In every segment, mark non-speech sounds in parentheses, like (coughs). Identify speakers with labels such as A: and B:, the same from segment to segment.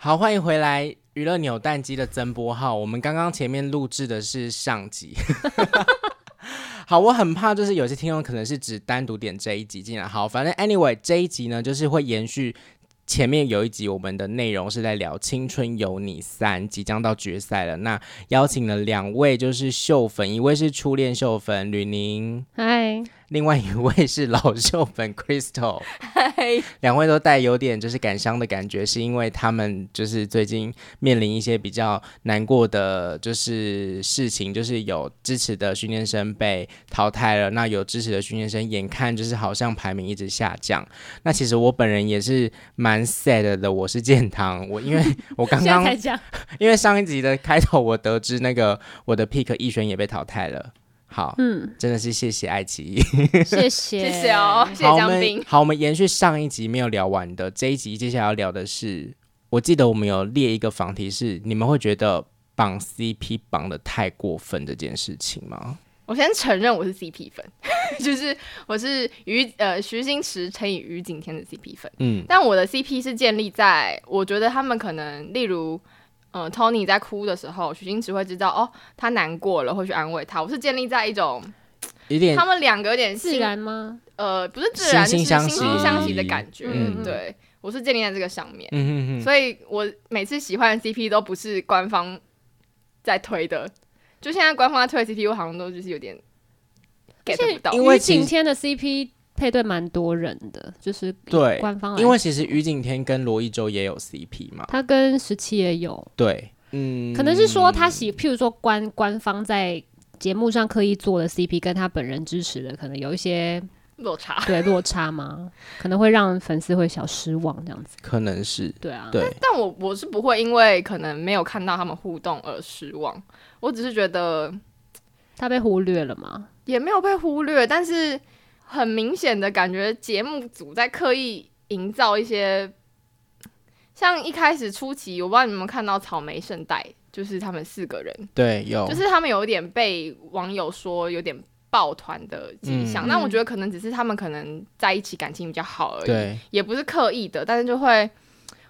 A: 好，歡迎回來娛樂扭蛋機的增播號。我們剛剛前面錄製的是上集。 (laughs) (laughs) 好，我很怕就是有些聽眾可能是只單獨點這一集進來。好，反正 anyway 這一集呢，就是會延續前面有一集我們的內容是在聊《青春有你三》即將到決賽了。那邀請了兩位就是秀粉，一位是初戀秀粉呂寧，嗨。另外一位是老秀粉 Crystal，Hi 兩位都帶有點就是感傷的感覺，是因為他們就是最近面臨一些比較難過的就是事情，就是有支持的訓練生被淘汰了，那有支持的訓練生眼看就是好像排名一直下降，那其實我本人也是蠻 sad 的。我是建棠，我因為我剛剛 (laughs) 才因為上一集的開頭我得知那個我的 pick 易軒也被淘汰了。好，嗯，真的是謝謝愛奇藝， (laughs) 謝謝謝
B: 謝哦，謝謝江斌。
A: 好，我們延續上一集沒有聊完的這一集，接下來要聊的是，我記得我們有列一個房題是，你們會覺得綁 CP 綁得太過分這件事情嗎？
B: 我先承認我是 CP 粉， (laughs) 就是我是徐呃徐星馳乘以余景天的 CP 粉，嗯，但我的 CP 是建立在我覺得他們可能，例如。嗯，Tony 在哭的時候，許馳只會知道哦，他難過了，會去安慰他。我是建立在一種，
C: 他們
B: 兩個有點自然嗎信？呃，不是自然，就是惺惺相惜的感覺。嗯嗯嗯，對，我是建立在這個上面，嗯
C: 嗯嗯，所以
B: 我每次喜歡的 CP 都不是官方在推的。就現在官方在推的 CP，我好像都就是有點 get 不到。因為景天
C: 的 CP。配對蠻多人的，就是對官方對，因為其
A: 實余景天跟羅一舟也有 CP 嘛，他
C: 跟十七也有，對，嗯，可能是說他喜，譬如說官官方在節目上刻意做的 CP，跟他本人支持的，可能有一些落差，對，落差嘛？ (laughs) 可能會讓粉絲會小失望這樣子，
A: 可能是，對啊，對，
B: 但，但我我是不會因為可能沒有看到他們互動而失望，我只是覺得他被忽略了嘛？也沒有被忽略，但是。很明顯的感覺，節目組在刻意營造一些，像一開始初期，我不知道你們有沒有看到草莓聖代，就是他們四個人，
A: 對，有，就是
B: 他們有一點被網友說有點抱團的跡象，嗯，那我覺得可能只是他們可能在一起感情比較好而已，對，也不是刻意的，但是就會。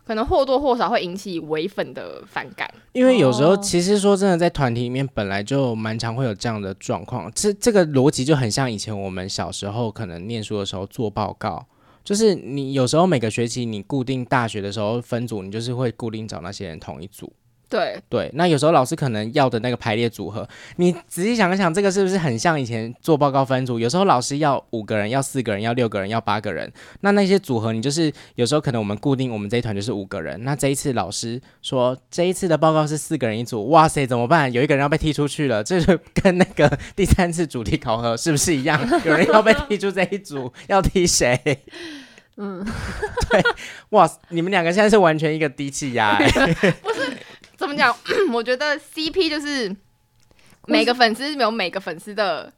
B: 可能或多或少會引起唯粉的反感，因為有時候其
A: 實說真的，在團體裡面本來就蠻常會有這樣的狀況。這這個邏輯就很像以前我們小時候可能念書的時候做報告，就是你有時候每個學期你固定大學的時候分組，你就是會固定找那些人同一組。對對，那有時候老師可能要的那個排列組合，你仔細想一想，這個是不是很像以前做報告分組？有時候老師要五個人，要四個人，要六個人，要八個人。那那些組合，你就是有時候可能我們固定我們這一團就是五個人。那這一次老師說這一次的報告是四個人一組，哇塞，怎麼辦？有一個人要被踢出去了，這就跟那個第三次主題考核是不是一樣？有人要被踢出這一組， (laughs) 要踢誰？嗯，對，哇塞，你們兩個現在是完全一個低氣壓欸。
C: (laughs)
B: 怎麼講？ (coughs) 我覺得 CP 就是每個粉絲有每個粉絲的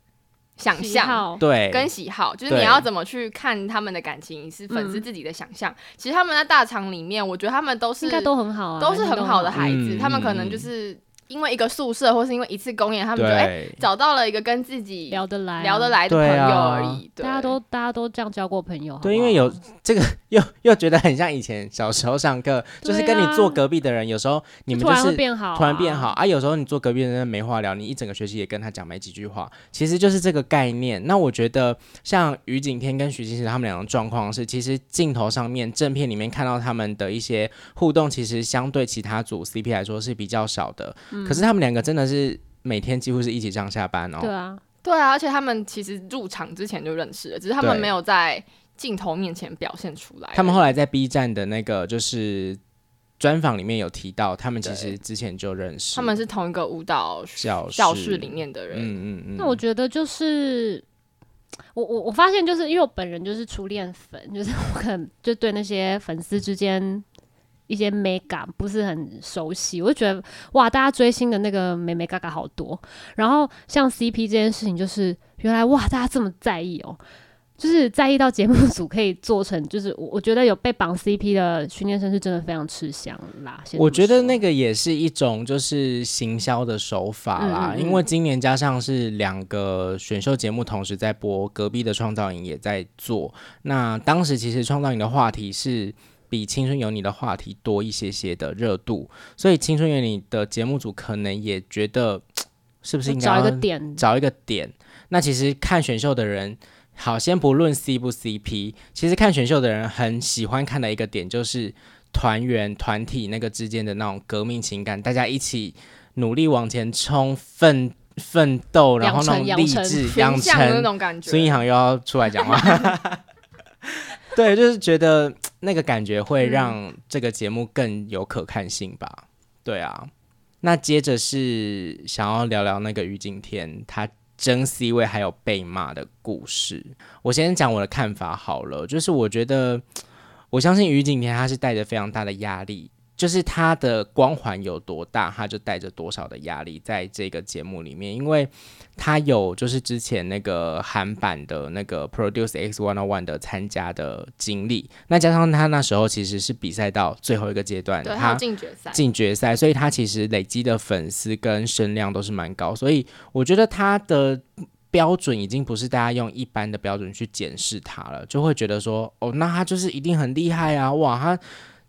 B: 想象對，跟喜好，就是你要怎麼去看他們的感情是粉絲自己的想象嗯、其實他們在大廠裡面，我覺得他們都是應該都很好、啊，都是很好的孩子。他們可能就是。因為一個宿舍，或是因為一次公演，他們就哎對、欸、找到了一個跟自己聊得來聊得來的朋友而已。對啊、對大家都大家都這樣交過朋友好不好，
A: 對，因為有這個又又覺得很像以前小時候上課，啊、就是跟你坐隔壁的人，有時候你們就是突然變好啊，有時候你坐隔壁的人沒話聊，你一整個學期也跟他講沒幾句話，其實就是這個概念。那我覺得像余景天跟徐晶晶他們兩個狀況是，其實鏡頭上面正片裡面看到他們的一些互動，其實相對其他組 CP 來說是比較少的。嗯可是他們兩個真的是每天幾乎是一起上下班哦。嗯、對啊，
B: 對啊，而且他們其實入場之前就認識了，只是他們沒有在鏡頭面前表現出來。他
A: 們後來在 B 站的那個就是專訪裡面有提到，他們其實之前就認識。他
B: 們是同一個舞蹈教室，教室裡面的
C: 人。嗯嗯，嗯。那我覺得就是我我我發現就是因為我本人就是初戀粉，就是我可能就對那些粉絲之間。一些美感不是很熟悉，我就覺得哇，大家追星的那個眉眉角角好多。然後像 CP 這件事情，就是原來哇，大家這麼在意哦，就是在意到節目組可以做成，就是我我覺得有被綁 CP 的訓練生是真的非常吃香啦。我覺
A: 得那個也是一種就是行銷的手法啦，嗯嗯嗯，因為今年加上是兩個選秀節目同時在播，隔壁的創造營也在做。那當時其實創造營的話題是比《青春有你》的話題多一些些的熱度，所以《青春有你》的節目組可能也覺得是不是應該找一個點？找一個點。那其實看選秀的人，好，先不論 C 不 CP，其實看選秀的人很喜歡看的一個點就是團員團體那個之間的那種革命情感，大家一起努力往前衝、奮奮鬥，辰然後那種勵志、養成。孫一航又要出來講話， (laughs) (laughs) 對，就是覺得。那個感覺會讓這個節目更有可看性吧？對啊，那接着是想要聊聊那個余景天他爭 C 位還有被罵的故事。我先講我的看法好了，就是我覺得，我相信余景天他是帶着非常大的壓力。就是他的光環有多大，他就帶着多少的壓力在這個節目裡面，因為他有就是之前那個韓版的那個 Produce X 101的參加的經歷，那加上他那時候其實是比賽到最後一個階段，對，他進
B: 決
C: 賽，進
A: 決賽，所以他其實累積的粉絲跟聲量都是蠻高，所以我覺得他的標準已經不是大家用一般的標準去檢視他了，就會覺得說，哦，那他就是一定很厲害啊，哇，他。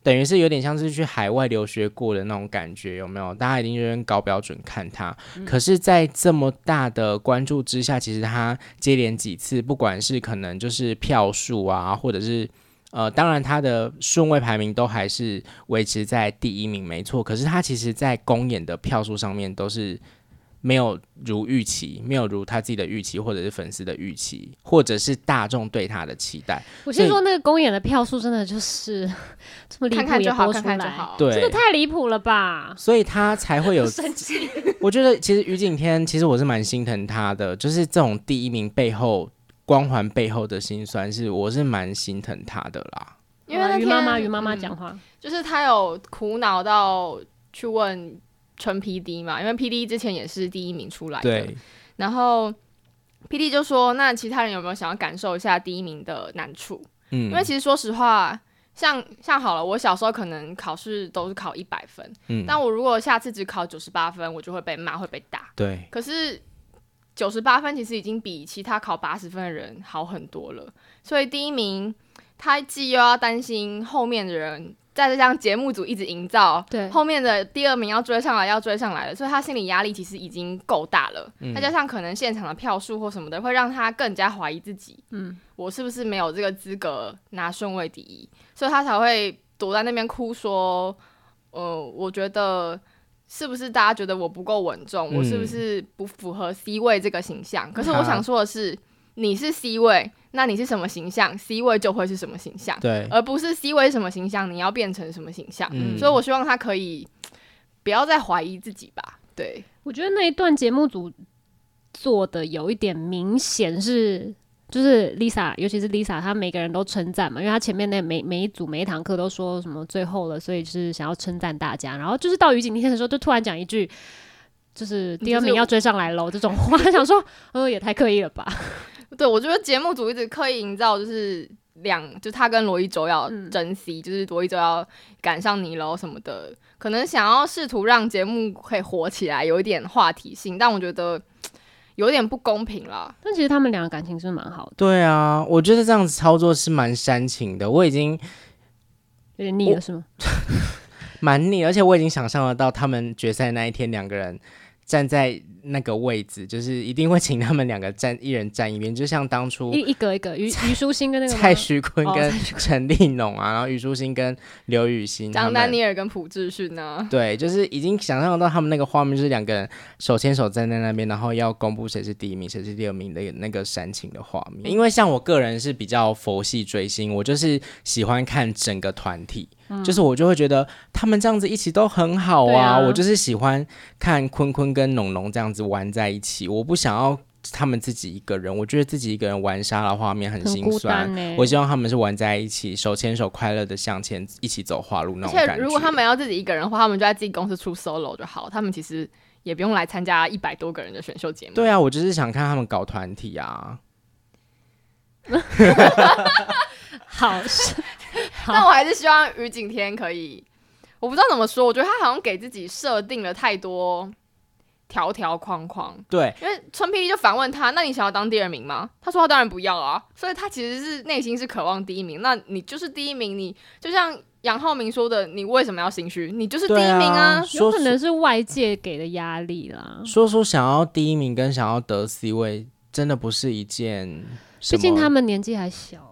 A: 等於是有點像是去海外留學過的那種感覺，有沒有？大家一定有點高標準看他。嗯、可是，在這麼大的關注之下，其實他接連幾次，不管是可能就是票數啊，或者是呃，當然他的順位排名都還是維持在第一名，沒錯。可是他其實，在公演的票數上面都是。沒有如預期，沒有如他自己的預期，或者是粉絲的預期，或者是大眾對他的期待。
C: 我先說以那個公演的票數，真的就是這麼離譜，看看就好。看看就好。對，真的太離譜了吧！
A: 所以他才會有。
C: 級 (laughs)
A: 我覺得其實余景天，其實我是蠻心疼他的，就是這種第一名背後光環背後的心酸，是我是蠻心疼他的啦。
B: 因為媽媽，余媽媽講話，就是他有苦惱到去問。稱 P D 嘛，因為 P D 之前也是第一名出來的，對。然後 P D 就說：“那其他人有沒有想要感受一下第一名的難處？嗯。因為其實說實話，像像好了，我小時候可能考試都是考一百分，嗯。但我如果下次只考九十八分，我就會被罵，會被打，對。可是九十八分其實已經比其他考八十分的人好很多了，所以第一名他既又要擔心後面的人。”在這張節目組一直營造，對後面的第二名要追上來，要追上來了，所以他心理壓力其實已經夠大了。再加上可能現場的票數或什麼的，會讓他更加懷疑自己。嗯，我是不是沒有這個資格拿順位第一？所以他才會躲在那邊哭，說：“呃，我覺得是不是大家覺得我不夠穩重？我是不是不符合 C 位這個形象？”嗯、可是我想說的是。你是 C 位，那你是什麼形象，C 位就會是什麼形象，對，而不是 C 位是什麼形象，你要變成什麼形象。嗯、所以我希望他可以不要再懷疑自己吧。對，
C: 我覺得那一段節目組做的有一點明顯是，就是 Lisa，尤其是 Lisa，她每個人都稱讚嘛，因為她前面那每每一組每一堂課都說什麼最後了，所以就是想要稱讚大家。然後就是到余景天的時候，就突然講一句，就是第二名要追上來嘍這種話，想說， (laughs) 呃，也太刻意了吧。
B: 對，我覺得節目組一直刻意營造，就是兩，就他跟羅一舟要珍惜，是就是羅一舟要趕上你嘍什麼的，可能想要試圖讓節目可以火起來，有一點話題性。但我覺得有點不公平啦。但其實他們兩個感情是蠻好
A: 的。對啊，我覺得這樣子操作是蠻煽情的。我已經有
C: 點膩了，是嗎？
A: 我 (laughs) 蠻膩，而且我已經想象得到他們決賽那一天，兩個人站在。那個位置就是一定會請他們兩個站，一人站一邊，就像當初一
C: 一個一個虞虞書欣跟那個蔡
A: 徐坤跟陳立農啊，然後虞書欣跟劉雨昕，張丹尼
B: 爾跟朴志訓呢，對，
A: 就是已經想象到他們那個畫面，就是兩個人手牽手站在那邊，然後要公布誰是第一名，誰是第二名的那個煽情的畫面。因為像我個人是比較佛系追星，我就是喜歡看整個團體，嗯、就是我就會覺得他們這樣子一起都很好啊，啊我就是喜歡看坤坤跟農農這樣子。子玩在一起，我不想要他們自己一個人，我覺得自己一個人玩沙的畫面很心酸。欸、我希望他們是玩在一起，手牽手快樂的向前一起走花路那種感覺。如果
B: 他們要自己一個人的話，他們就在自己公司出 solo 就好。他們其實也不用來參加一百多個人的選秀節目。對啊，
A: 我就是想看他們搞團體啊。
B: (laughs) (laughs) 好事， (laughs) 但我還是希望余景天可以，我不知道怎麼說，我覺得他好像給自己設定了太多。條條框框，對，因為陳皮就反問他，那你想要當第二名嗎？他說他當然不要啊，所以他其實是內心是渴望第一名。那你就是第一名，你就像楊浩明說的，你為什麼要心虛？你就是第一名啊，啊說說有可能是外界給的壓力啦、嗯。
A: 說說想要第一名跟想要得 C 位，真的不是一件，畢竟他
C: 們年紀還小、
A: 啊，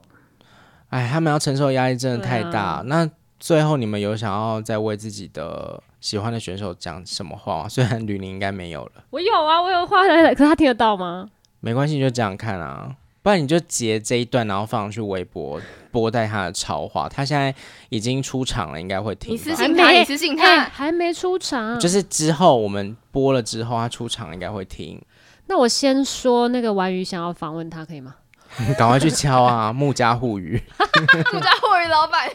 A: 哎，他們要承受的壓力真的太大。啊、那最後你們有想要再為自己的？喜歡的選手講什麼話、啊、雖然呂寧應該沒有
C: 了，我有啊，我有話來，可是他聽得到嗎？
A: 沒關係，就這樣看啊，不然你就截這一段，然後放上去微博，播帶他的超話。他現在已經出場了，應該會聽。
C: 你還沒，你還沒出場，啊，就是
A: 之後我們播了之後，他出場了應該會聽。
C: 那我先說那個婉瑜想要訪問他，可以嗎？
A: 嗯，趕快去敲啊！ (laughs) 木家互娛，
C: (laughs) (laughs) 木家互娛老板，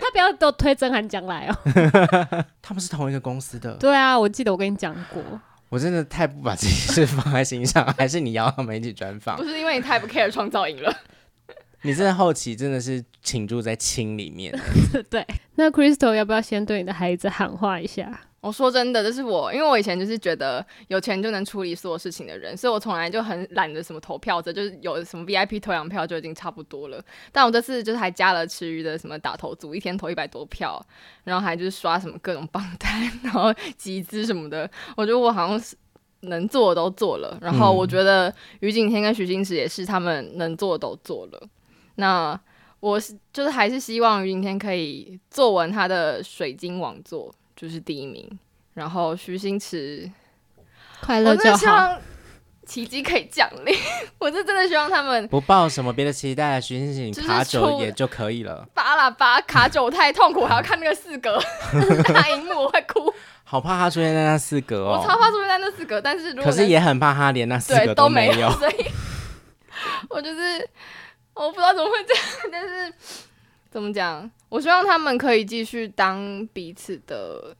C: 他不要都推曾涵江來哦。
A: (laughs) (laughs) 他們是同一個公司的。
C: 對啊，我記得我跟你講過。
A: 我真的太不把自己事放在心上， (laughs) 還是你邀他們一起專訪？ (laughs) 不
C: 是因為你太不 care 創造營了。
A: (laughs) (laughs) 你真的後期真的是傾注在青裡面。
C: (laughs) 對，
B: 那 Crystal 要不要先對你的孩子喊話一下？我說真的，就是我，因為我以前就是覺得有錢就能處理所有事情的人，所以我從來就很懶得什麼投票的，就是有什麼 VIP 投兩票就已經差不多了。但我這次就是還加了其餘的什麼打投組，一天投一百多票，然後還就是刷什麼各種榜單，然後集資什麼的。我覺得我好像是能做的都做了，然後我覺得余景天跟徐星馳也是他們能做的都做了。嗯，那我是就是還是希望余景天可以坐穩他的水晶王座。就是第一名，然後徐星馳，快樂就好，我真的希望奇跡可以降臨， (laughs) 我是真的希望他們
A: 不抱什麼別的期待。徐星馳 (laughs) 出卡九也就可以了。
B: 拔了八，卡九太痛苦， (laughs) 還要看那個四格他熒 (laughs) 我會哭。
A: 好怕他出現在那四格哦！我超
B: 怕出現在那四格，但是如果可是也
A: 很怕他連那四格都,都沒有，所
B: 以，我就是我不知道怎麼會這樣，但是。怎麼講？我希望他們可以繼續當彼此的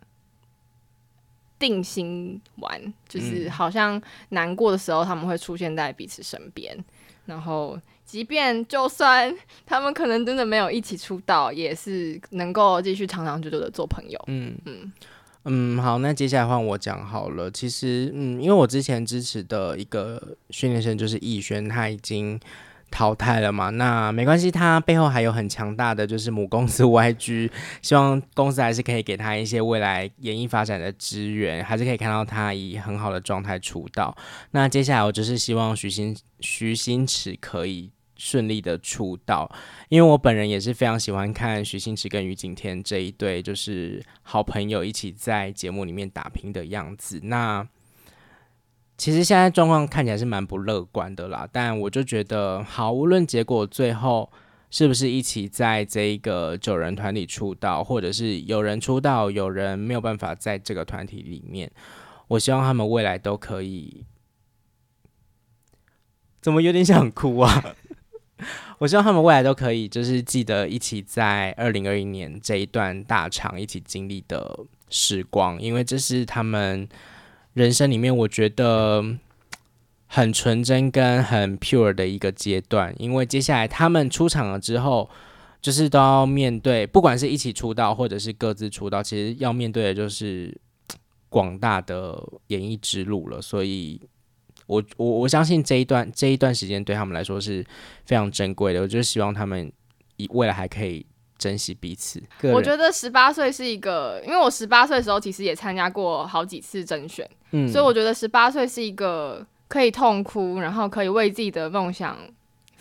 B: 定心丸，就是好像難過的時候他們會出現在彼此身邊，嗯、然後即便就算他們可能真的沒有一起出道，也是能夠繼續長長久久的做朋友。嗯
A: 嗯嗯,嗯，好，那接下來換我講好了。其實，嗯，因為我之前支持的一個訓練生就是藝軒，他已經。淘汰了嘛？那沒關係，他背後還有很強大的就是母公司 YG，希望公司還是可以給他一些未來演藝發展的資源，還是可以看到他以很好的狀態出道。那接下來我就是希望徐新徐新馳可以順利的出道，因為我本人也是非常喜歡看徐新馳跟余景天這一對就是好朋友一起在節目裡面打拼的樣子。那。其實現在狀況看起來是蠻不樂觀的啦，但我就覺得好，無論結果最後是不是一起在這一個九人團體出道，或者是有人出道，有人沒有辦法在這個團體裡面，我希望他們未來都可以。怎麼有點想哭啊？ (laughs) 我希望他們未來都可以，就是記得一起在二零二一年這一段大廠一起經歷的時光，因為這是他們。人生裡面，我覺得很純真跟很 pure 的一個階段，因為接下來他們出場了之後，就是都要面對，不管是一起出道或者是各自出道，其實要面對的就是廣大的演藝之路了。所以我，我我我相信這一段這一段時間對他們來說是非常珍貴的。我就希望他們以未來還可以。珍惜彼此。人我覺
B: 得十八歲是一個，因為我十八歲的時候其實也參加過好幾次甄選，嗯、所以我覺得十八歲是一個可以痛哭，然後可以為自己的夢想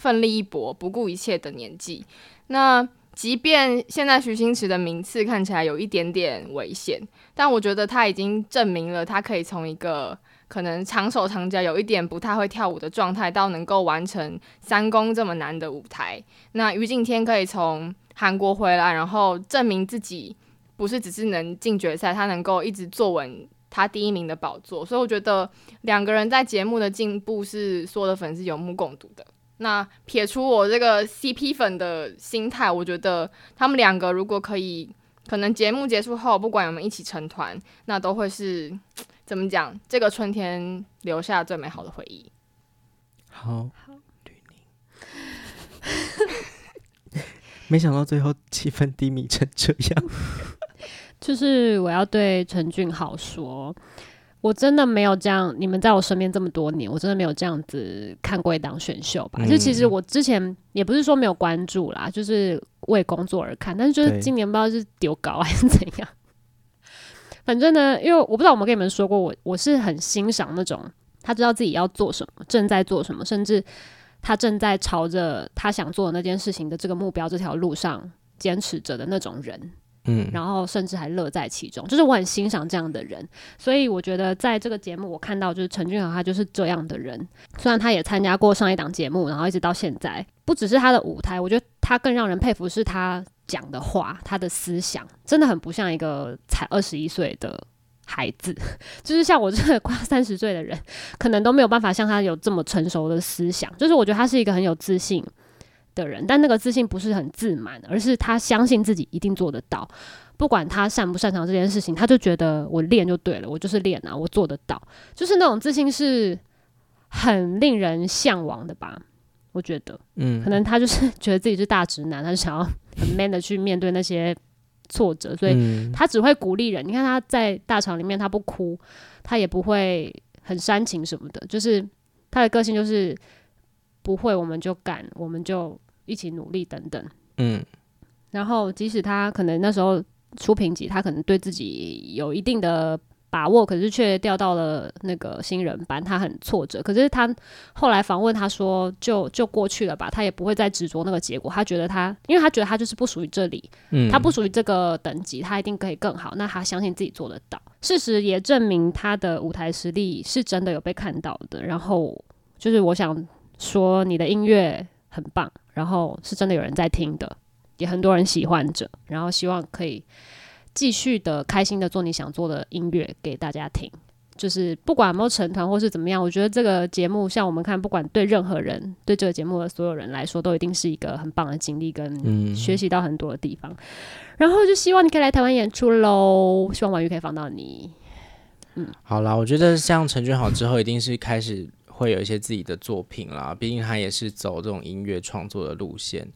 B: 奮力一搏，不顧一切的年紀。那即便現在徐星馳的名次看起來有一點點危險，但我覺得他已經證明了他可以從一個。可能長手長腳，有一點不太會跳舞的狀態，到能夠完成三公這麼難的舞台。那余景天可以從韓國回來，然後證明自己不是只是能進決賽，他能夠一直坐穩他第一名的寶座。所以我覺得兩個人在節目的進步是所有的粉絲有目共睹的。那撇除我這個 CP 粉的心態，我覺得他們兩個如果可以，可能節目結束後不管有沒有一起成團，那都會是。怎麼講？這個春天留下最美好的回憶。
A: 好，好，對你。 (laughs) (laughs) 沒想到最後氣氛低迷成這樣。
C: 就是我要對陳俊豪說，我真的沒有這樣。你們在我身邊這麼多年，我真的沒有這樣子看過一檔選秀吧？嗯、就其實我之前也不是說沒有關注啦，就是為工作而看。但是就是今年不知道是丟稿還是怎樣。反正呢，因為我不知道有沒有跟你們說過，我我是很欣賞那種他知道自己要做什麼，正在做什麼，甚至他正在朝着他想做的那件事情的這個目標這條路上堅持着的那種人，嗯，然後甚至還樂在其中，就是我很欣賞這樣的人。所以我覺得在這個節目，我看到就是陳俊豪他就是這樣的人。雖然他也參加過上一檔節目，然後一直到現在，不只是他的舞台，我覺得他更讓人佩服是他，講的話，他的思想真的很不像一個才二十一歲的孩子，就是像我這個快三十歲的人，可能都沒有辦法像他有這麼成熟的思想。就是我覺得他是一個很有自信的人，但那個自信不是很自滿，而是他相信自己一定做得到，不管他擅不擅長這件事情，他就覺得我練就對了，我就是練啊，我做得到，就是那種自信是很令人嚮往的吧。我覺得，嗯，可能他就是覺得自己是大直男，他就想要很 man 的去面對那些挫折，嗯、所以他只會鼓勵人。你看他在大廠裡面，他不哭，他也不會很煽情什麼的，就是他的個性就是不會。我們就敢，我們就一起努力等等。嗯，然後即使他可能那時候初評級，他可能對自己有一定的。把握，可是卻掉到了那個新人班，他很挫折。可是他後來訪問，他說就：“就就過去了吧，他也不會再執着那個結果。他覺得他，因為他覺得他就是不屬於這裡，嗯，他不屬於這個等級，他一定可以更好。那他相信自己做得到。事實也證明他的舞台實力是真的有被看到的。然後就是我想說，你的音樂很棒，然後是真的有人在聽的，也很多人喜歡着，然後希望可以。”繼續的開心的做你想做的音樂給大家聽，就是不管有沒有成團或是怎麼樣，我覺得這個節目像我們看，不管對任何人，對這個節目的所有人來說，都一定是一個很棒的經歷跟學習到很多的地方。嗯，然後就希望你可以來台灣演出嘍，希望王宇可以訪到你。嗯，
A: 好啦，我覺得像陳俊豪之後，一定是開始。會有一些自己的作品啦，畢竟他也是走這種音樂創作的路線，啊、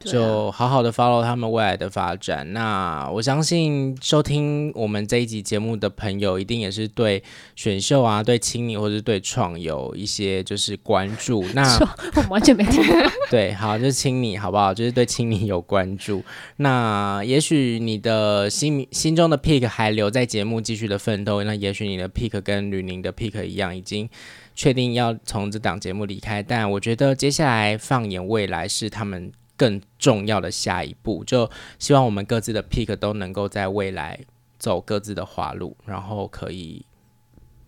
A: 就好好的 follow 他們未來的發展。那我相信收聽我們這一集節目的朋友，一定也是對選秀啊、對青你或者是對創有一些就是關注。那我完全沒聽 (laughs) 對，好，就是青你，好不好？就是對青你有關注。那也許你的心心中的 pick 還留在節目繼續的奮鬥。那也許你的 pick 跟呂寧的 pick 一樣，已經。確定要從這檔節目離開，但我覺得接下來放眼未來是他們更重要的下一步。就希望我們各自的 pick 都能夠在未來走各自的花路，然後可以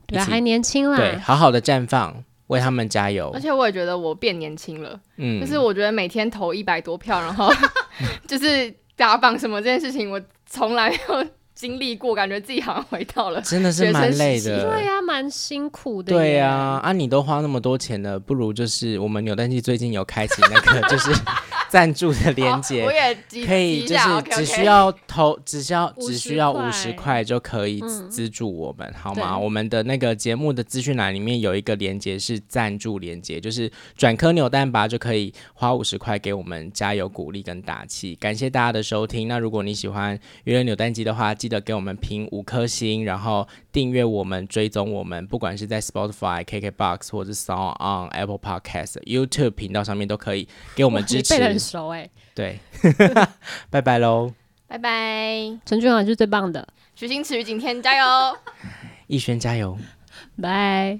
A: 對還
B: 年輕啦，對
A: 好好的綻放，為他們加油。而且
B: 我也覺得我變年輕了，嗯，就是我覺得每天投一百多票，然後 (laughs) (laughs) 就是打榜什麼這件事情，我從來沒有。 (laughs) 經歷過，感覺自己好像回到了真的是蠻累的，對呀、啊，蠻辛苦的。對呀、
A: 啊，啊，你都花那麼多錢了，不如就是我們扭蛋機最近有開啟那個，就是。 (laughs) (laughs) 贊助的鏈接
B: 可以，就是只需要
A: 投，只需要只需要五十塊就可以資助我們，嗯、好嗎？對我們的那個節目的資訊欄裡面有一個鏈接是贊助鏈接，就是轉顆扭蛋吧就可以花五十塊給我們加油、鼓勵跟打氣。感謝大家的收聽。那如果你喜歡娛樂扭蛋機的話，記得給我們評五顆星，然後訂閱我們、追蹤我們，不管是在 Spotify、KK Box 或是 SoundOn Apple Podcast、YouTube 頻道上面都可以給我們支持。欸、對，拜拜嘍，
C: 拜拜 bye，陳俊豪是最棒的，徐
B: 星馳、余景天加油，
A: 逸軒 (laughs) 加油，
C: 拜。